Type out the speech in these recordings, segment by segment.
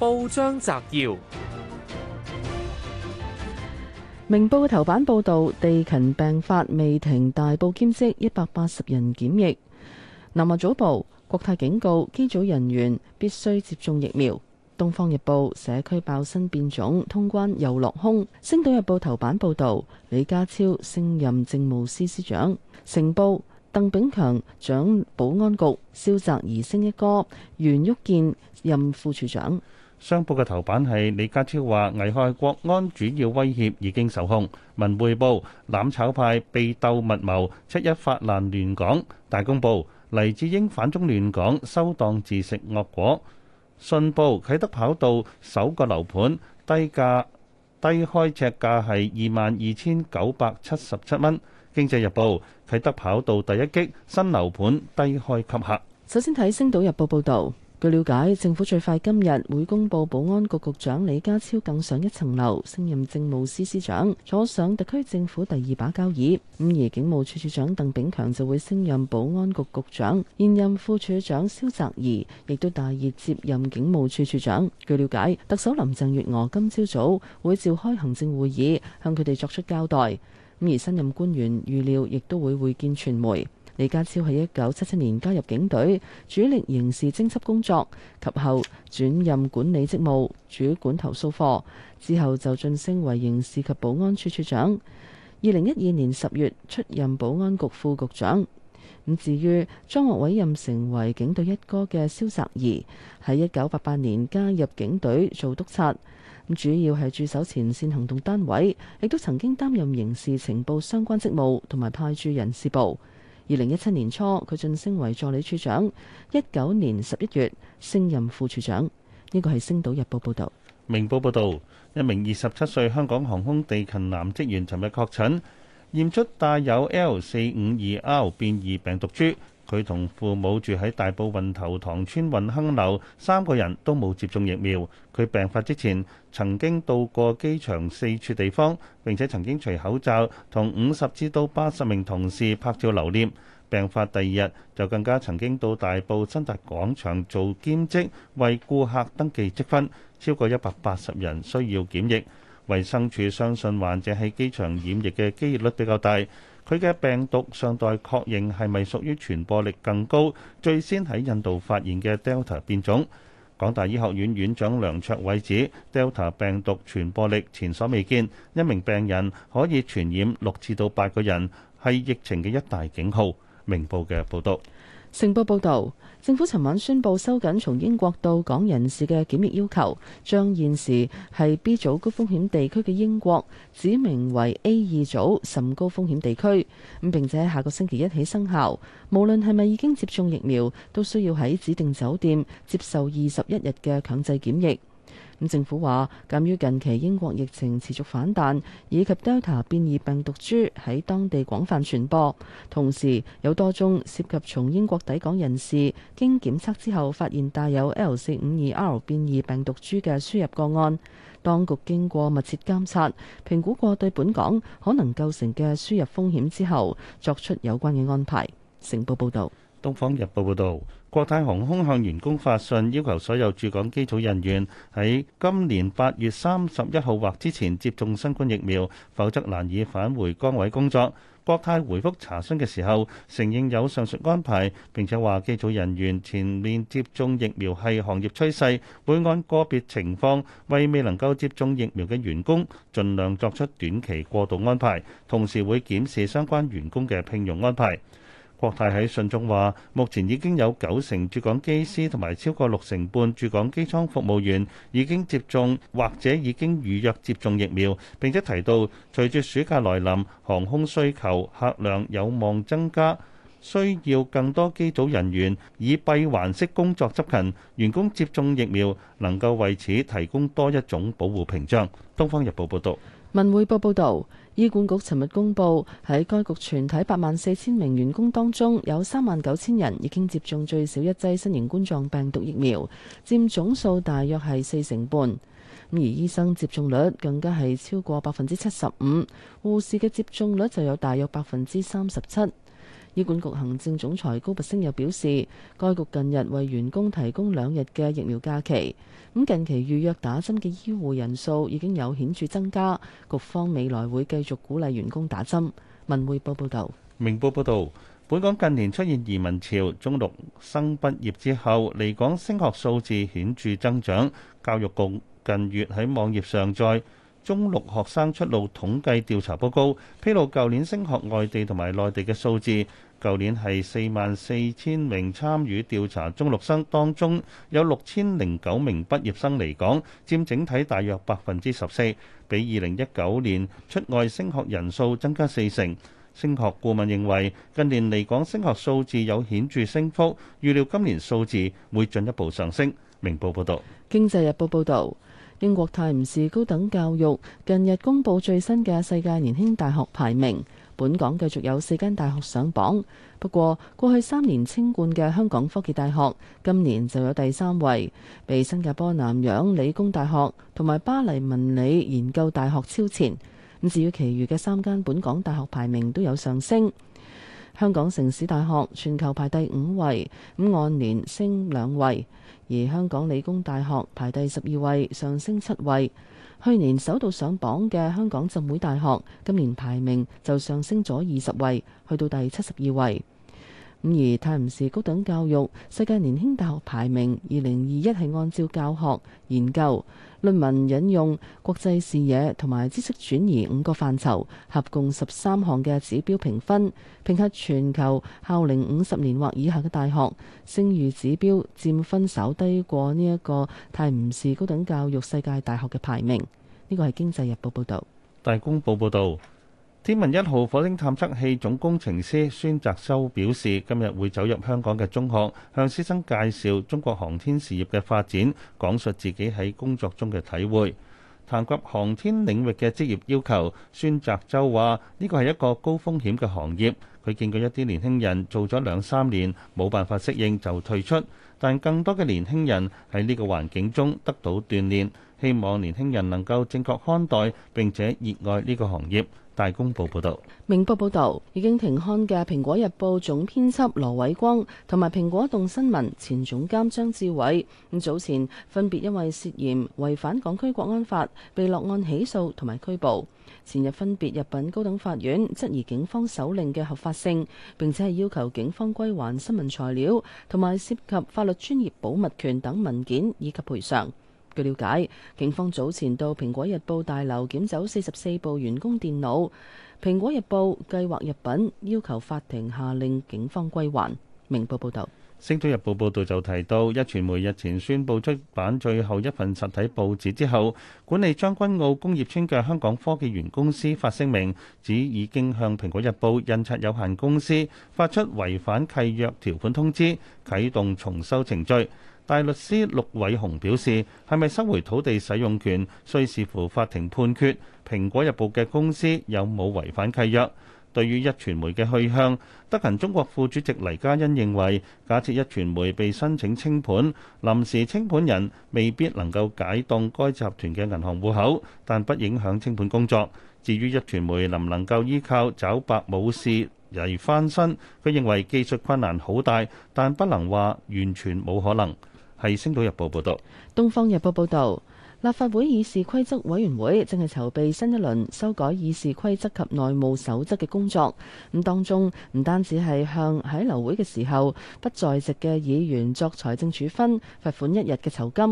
報章摘要：明報嘅頭版報道，地勤病發未停，大部兼職一百八十人檢疫。南華早報，國泰警告機組人員必須接種疫苗。東方日報，社區爆新變種，通關又落空。星島日報頭版報道，李家超升任政務司司長。成報，鄧炳強掌保安局，蕭澤頤升一哥，袁旭健任副處長。商報嘅頭版係李家超話危害國安主要威脅已經受控。文匯報攬炒派被斗密謀，七一發難亂港。大公報黎智英反中亂港，收檔自食惡果。信報啟德跑道首個樓盤低價低開，尺價係二萬二千九百七十七蚊。經濟日報啟德跑道第一擊，新樓盤低開吸客。首先睇《星島日報》報道。據了解，政府最快今日會公布保安局局長李家超更上一層樓，升任政務司司長，坐上特區政府第二把交椅。咁而警務處處長鄧炳強就會升任保安局局長，現任副處長蕭澤頤亦都大熱接任警務處處長。據了解，特首林鄭月娥今朝早會召開行政會議，向佢哋作出交代。咁而新任官員預料亦都會會見傳媒。李家超喺一九七七年加入警隊，主力刑事偵緝工作，及後轉任管理職務，主管投訴課。之後就晉升為刑事及保安處處長。二零一二年十月出任保安局副局長。咁至於張學偉任成為警隊一哥嘅蕭澤頤，喺一九八八年加入警隊做督察，主要係駐守前線行動單位，亦都曾經擔任刑事情報相關職務，同埋派駐人事部。二零一七年初，佢晉升為助理處長。一九年十一月，升任副處長。呢個係《星島日報》報導，《明報》報導，一名二十七歲香港航空地勤男職員確診，尋日確診，驗出帶有 L 四五二 R 變異病毒株。佢同父母住喺大埔運頭塘村運亨樓，三個人都冇接種疫苗。佢病發之前曾經到過機場四處地方，並且曾經除口罩同五十至到八十名同事拍照留念。病發第二日就更加曾經到大埔新達廣場做兼職，為顧客登記積分。超過一百八十人需要檢疫。衛生署相信患者喺機場染疫嘅機率比較大。佢嘅病毒尚待確認係咪屬於傳播力更高，最先喺印度發現嘅 Delta 變種，港大醫學院院長梁卓偉指，Delta 病毒傳播力前所未見，一名病人可以傳染六至到八個人，係疫情嘅一大警號。明報嘅報道，城報報導，政府尋晚宣布收緊從英國到港人士嘅檢疫要求，將現時係 B 組高風險地區嘅英國指明為 A 二組甚高風險地區，咁並且下個星期一起生效，無論係咪已經接種疫苗，都需要喺指定酒店接受二十一日嘅強制檢疫。咁政府話，鑑於近期英國疫情持續反彈，以及 Delta 變異病毒株喺當地廣泛傳播，同時有多宗涉及從英國抵港人士經檢測之後發現帶有 L452R 變異病毒株嘅輸入個案，當局經過密切監察、評估過對本港可能構成嘅輸入風險之後，作出有關嘅安排。成報報道。東方日報報道。國泰航空向員工發信，要求所有駐港機組人員喺今年八月三十一號或之前接種新冠疫苗，否則難以返回崗位工作。國泰回覆查詢嘅時候，承認有上述安排，並且話機組人員前面接種疫苗係行業趨勢，會按個別情況為未能夠接種疫苗嘅員工，盡量作出短期過渡安排，同時會檢視相關員工嘅聘用安排。國泰喺信中話，目前已經有九成駐港機師同埋超過六成半駐港機艙服務員已經接種或者已經預約接種疫苗。並且提到，隨住暑假來臨，航空需求客量有望增加，需要更多機組人員以閉環式工作執勤。員工接種疫苗能夠為此提供多一種保護屏障。《東方日報》報導，《文匯報》報道。醫管局尋日公布，喺該局全體八萬四千名員工當中，有三萬九千人已經接種最少一劑新型冠狀病毒疫苗，佔總數大約係四成半。咁而醫生接種率更加係超過百分之七十五，護士嘅接種率就有大約百分之三十七。醫管局行政總裁高拔升又表示，該局近日為員工提供兩日嘅疫苗假期。咁近期預約打針嘅醫護人數已經有顯著增加，局方未來會繼續鼓勵員工打針。文匯報報道，明報報道，本港近年出現移民潮，中六生畢業之後離港升學數字顯著增長。教育局近月喺網頁上載中六學生出路統計調查報告，披露舊年升學外地同埋內地嘅數字。舊年係四萬四千名參與調查中，陸生當中有六千零九名畢業生嚟港，佔整體大約百分之十四，比二零一九年出外升學人數增加四成。升學顧問認為近年嚟港升學數字有顯著升幅，預料今年數字會進一步上升。明報報道，《經濟日報》報道，英國泰晤士高等教育近日公布最新嘅世界年輕大學排名。本港繼續有四間大學上榜，不過過去三年稱冠嘅香港科技大學今年就有第三位，被新加坡南洋理工大學同埋巴黎文理研究大學超前。咁至於其餘嘅三間本港大學排名都有上升，香港城市大學全球排第五位，咁按年升兩位；而香港理工大學排第十二位，上升七位。去年首度上榜嘅香港浸會大學，今年排名就上升咗二十位，去到第七十二位。咁而泰晤士高等教育世界年輕大學排名二零二一係按照教學研究、論文引用、國際視野同埋知識轉移五個範疇合共十三項嘅指標評分，評核全球校齡五十年或以下嘅大學聲譽指標佔分稍低過呢一個泰晤士高等教育世界大學嘅排名。呢個係經濟日報報道，大公報報道。天問一號火星探測器總工程師孫澤洲表示，今日會走入香港嘅中學，向師生介紹中國航天事業嘅發展，講述自己喺工作中嘅體會。談及航天領域嘅職業要求，孫澤洲話呢個係一個高風險嘅行業。佢見過一啲年輕人做咗兩三年冇辦法適應就退出，但更多嘅年輕人喺呢個環境中得到鍛煉。希望年輕人能夠正確看待，並且熱愛呢個行業。大公報報道，明報報道，已經停刊嘅蘋果日報總編輯羅偉光同埋蘋果動新聞前總監張志偉，咁早前分別因為涉嫌違反港區國安法，被落案起訴同埋拘捕。前日分別入稟高等法院，質疑警方搜令嘅合法性，並且係要求警方歸還新聞材料同埋涉及法律專業保密權等文件以及賠償。據瞭解，警方早前到《蘋果日報》大樓檢走44部員工電腦，《蘋果日報》計劃入稟，要求法庭下令警方歸還。明報報道，《星島日報》報道就提到，一傳媒日前宣布出版最後一份實體報紙之後，管理將軍澳工業村嘅香港科技園公司發聲明，指已經向《蘋果日報》印刷有限公司發出違反契約條款通知，啟動重收程序。大律師陸偉雄表示，係咪收回土地使用權，需視乎法庭判決。蘋果日報嘅公司有冇違反契約？對於壹傳媒嘅去向，德勤中國副主席黎嘉恩認為，假設壹傳媒被申請清盤，臨時清盤人未必能夠解凍該集團嘅銀行戶口，但不影響清盤工作。至於壹傳媒能唔能夠依靠找白武士嚟翻身，佢認為技術困難好大，但不能話完全冇可能。係《星島日報》報道，《東方日報》報道，立法會議事規則委員會正係籌備新一輪修改議事規則及內務守則嘅工作。咁當中唔單止係向喺流會嘅時候不在席嘅議員作財政處分罰款一日嘅酬金，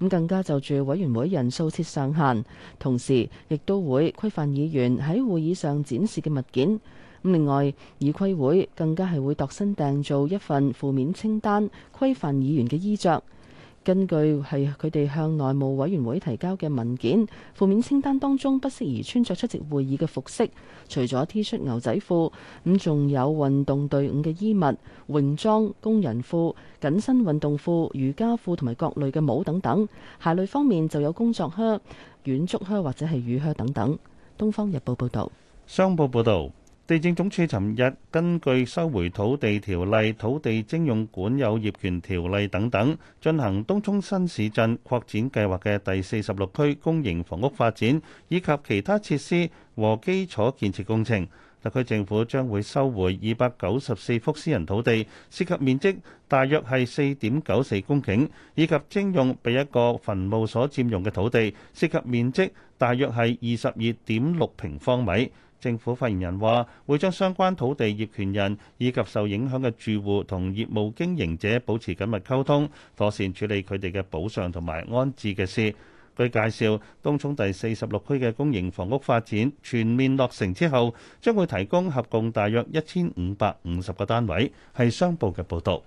咁更加就住委員會人數設上限，同時亦都會規範議員喺會議上展示嘅物件。咁另外，議規會更加係會度身訂造一份負面清單，規範議員嘅衣着。根據係佢哋向內務委員會提交嘅文件，負面清單當中不適宜穿着出席會議嘅服飾，除咗 T 恤、牛仔褲，咁仲有運動隊伍嘅衣物、泳裝、工人褲、緊身運動褲、瑜伽褲同埋各類嘅帽等等。鞋類方面就有工作靴、軟足靴或者係雨靴等等。《東方日報，報道》報導，《商報，報道》報導。地政總署尋日根據收回土地條例、土地徵用管有業權條例等等，進行東涌新市鎮擴展計劃嘅第四十六區公營房屋發展，以及其他設施和基礎建設工程。特區政府將會收回二百九十四幅私人土地，涉及面積大約係四點九四公頃，以及徵用被一個墳墓所佔用嘅土地，涉及面積大約係二十二點六平方米。政府發言人話，會將相關土地業權人以及受影響嘅住戶同業務經營者保持緊密溝通，妥善處理佢哋嘅補償同埋安置嘅事。據介紹，東涌第四十六區嘅公營房屋發展全面落成之後，將會提供合共大約一千五百五十個單位。係商報嘅報道。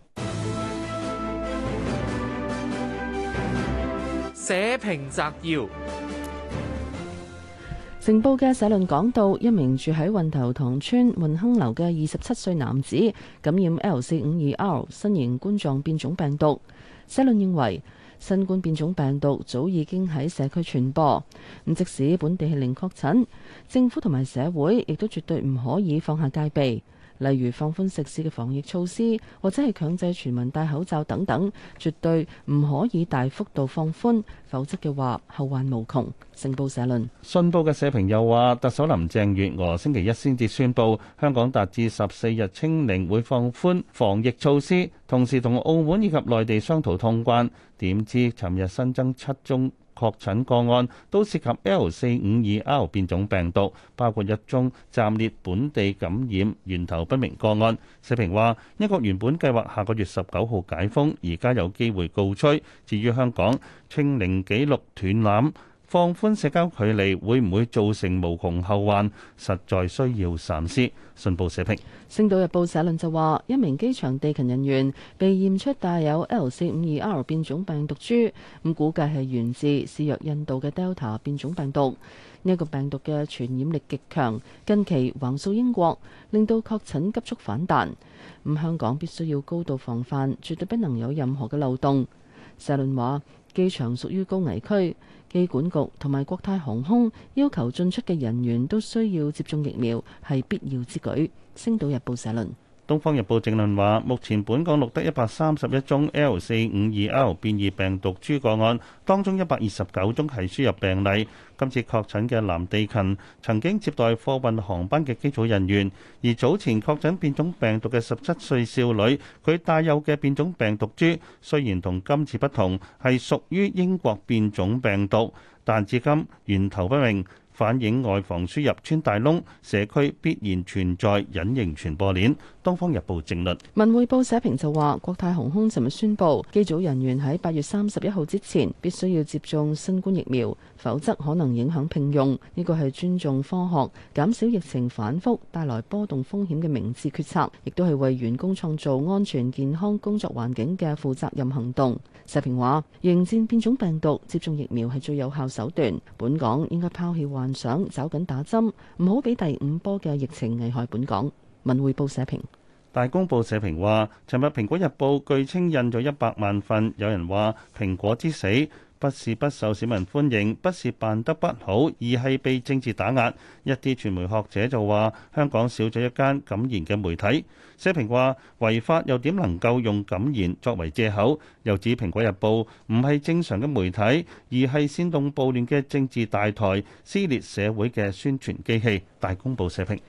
社評摘要。成報嘅社論講到，一名住喺運頭塘村運亨樓嘅二十七歲男子感染 L452R 新型冠狀變種病毒。社論認為，新冠變種病毒早已經喺社區傳播。咁即使本地係零確診，政府同埋社會亦都絕對唔可以放下戒備。例如放寬食肆嘅防疫措施，或者係強制全民戴口罩等等，絕對唔可以大幅度放寬，否則嘅話後患無窮。成報社論。信報嘅社評又話，特首林鄭月娥星期一先至宣佈香港達至十四日清零，會放寬防疫措施，同時同澳門以及內地商討通關。點知尋日新增七宗確診個案都涉及 L 四五二 R 變種病毒，包括一宗暫列本地感染源頭不明個案。社評話：英國原本計劃下個月十九號解封，而家有機會告吹。至於香港，清零紀錄斷纜。放寬社交距離會唔會造成無窮後患，實在需要三思。信報社評。《星島日報》社論就話：一名機場地勤人員被驗出帶有 L452R 變種病毒株，咁估計係源自肆虐印度嘅 Delta 變種病毒。呢一個病毒嘅傳染力極強，近期橫掃英國，令到確診急速反彈。咁香港必須要高度防範，絕對不能有任何嘅漏洞。社論話。機場屬於高危區，機管局同埋國泰航空要求進出嘅人員都需要接種疫苗，係必要之舉。星島日報社論。《東方日報》正論話，目前本港錄得一百三十一宗 L 四五二 R 變異病毒株個案，當中一百二十九宗係輸入病例。今次確診嘅男地勤曾經接待貨運航班嘅機組人員，而早前確診變種病毒嘅十七歲少女，佢帶有嘅變種病毒株雖然同今次不同，係屬於英國變種病毒，但至今源頭不明。反映外防輸入穿大窿，社區必然存在隱形傳播鏈。東方日報政論。文匯報社評就話國泰航空尋日宣布，機組人員喺八月三十一號之前必須要接種新冠疫苗，否則可能影響聘用。呢個係尊重科學，減少疫情反覆帶來波動風險嘅明智決策，亦都係為員工創造安全健康工作環境嘅負責任行動。社評話迎戰變種病毒，接種疫苗係最有效手段。本港應該拋棄話幻想，走緊打針，唔好俾第五波嘅疫情危害本港。文匯報社評，大公報社評話，尋日蘋果日報據稱印咗一百萬份，有人話蘋果之死。不是不受市民歡迎，不是辦得不好，而係被政治打壓。一啲傳媒學者就話：香港少咗一間敢言嘅媒體。社評話違法又點能夠用敢言作為借口？又指《蘋果日報》唔係正常嘅媒體，而係煽動暴亂嘅政治大台，撕裂社會嘅宣傳機器。大公報社評。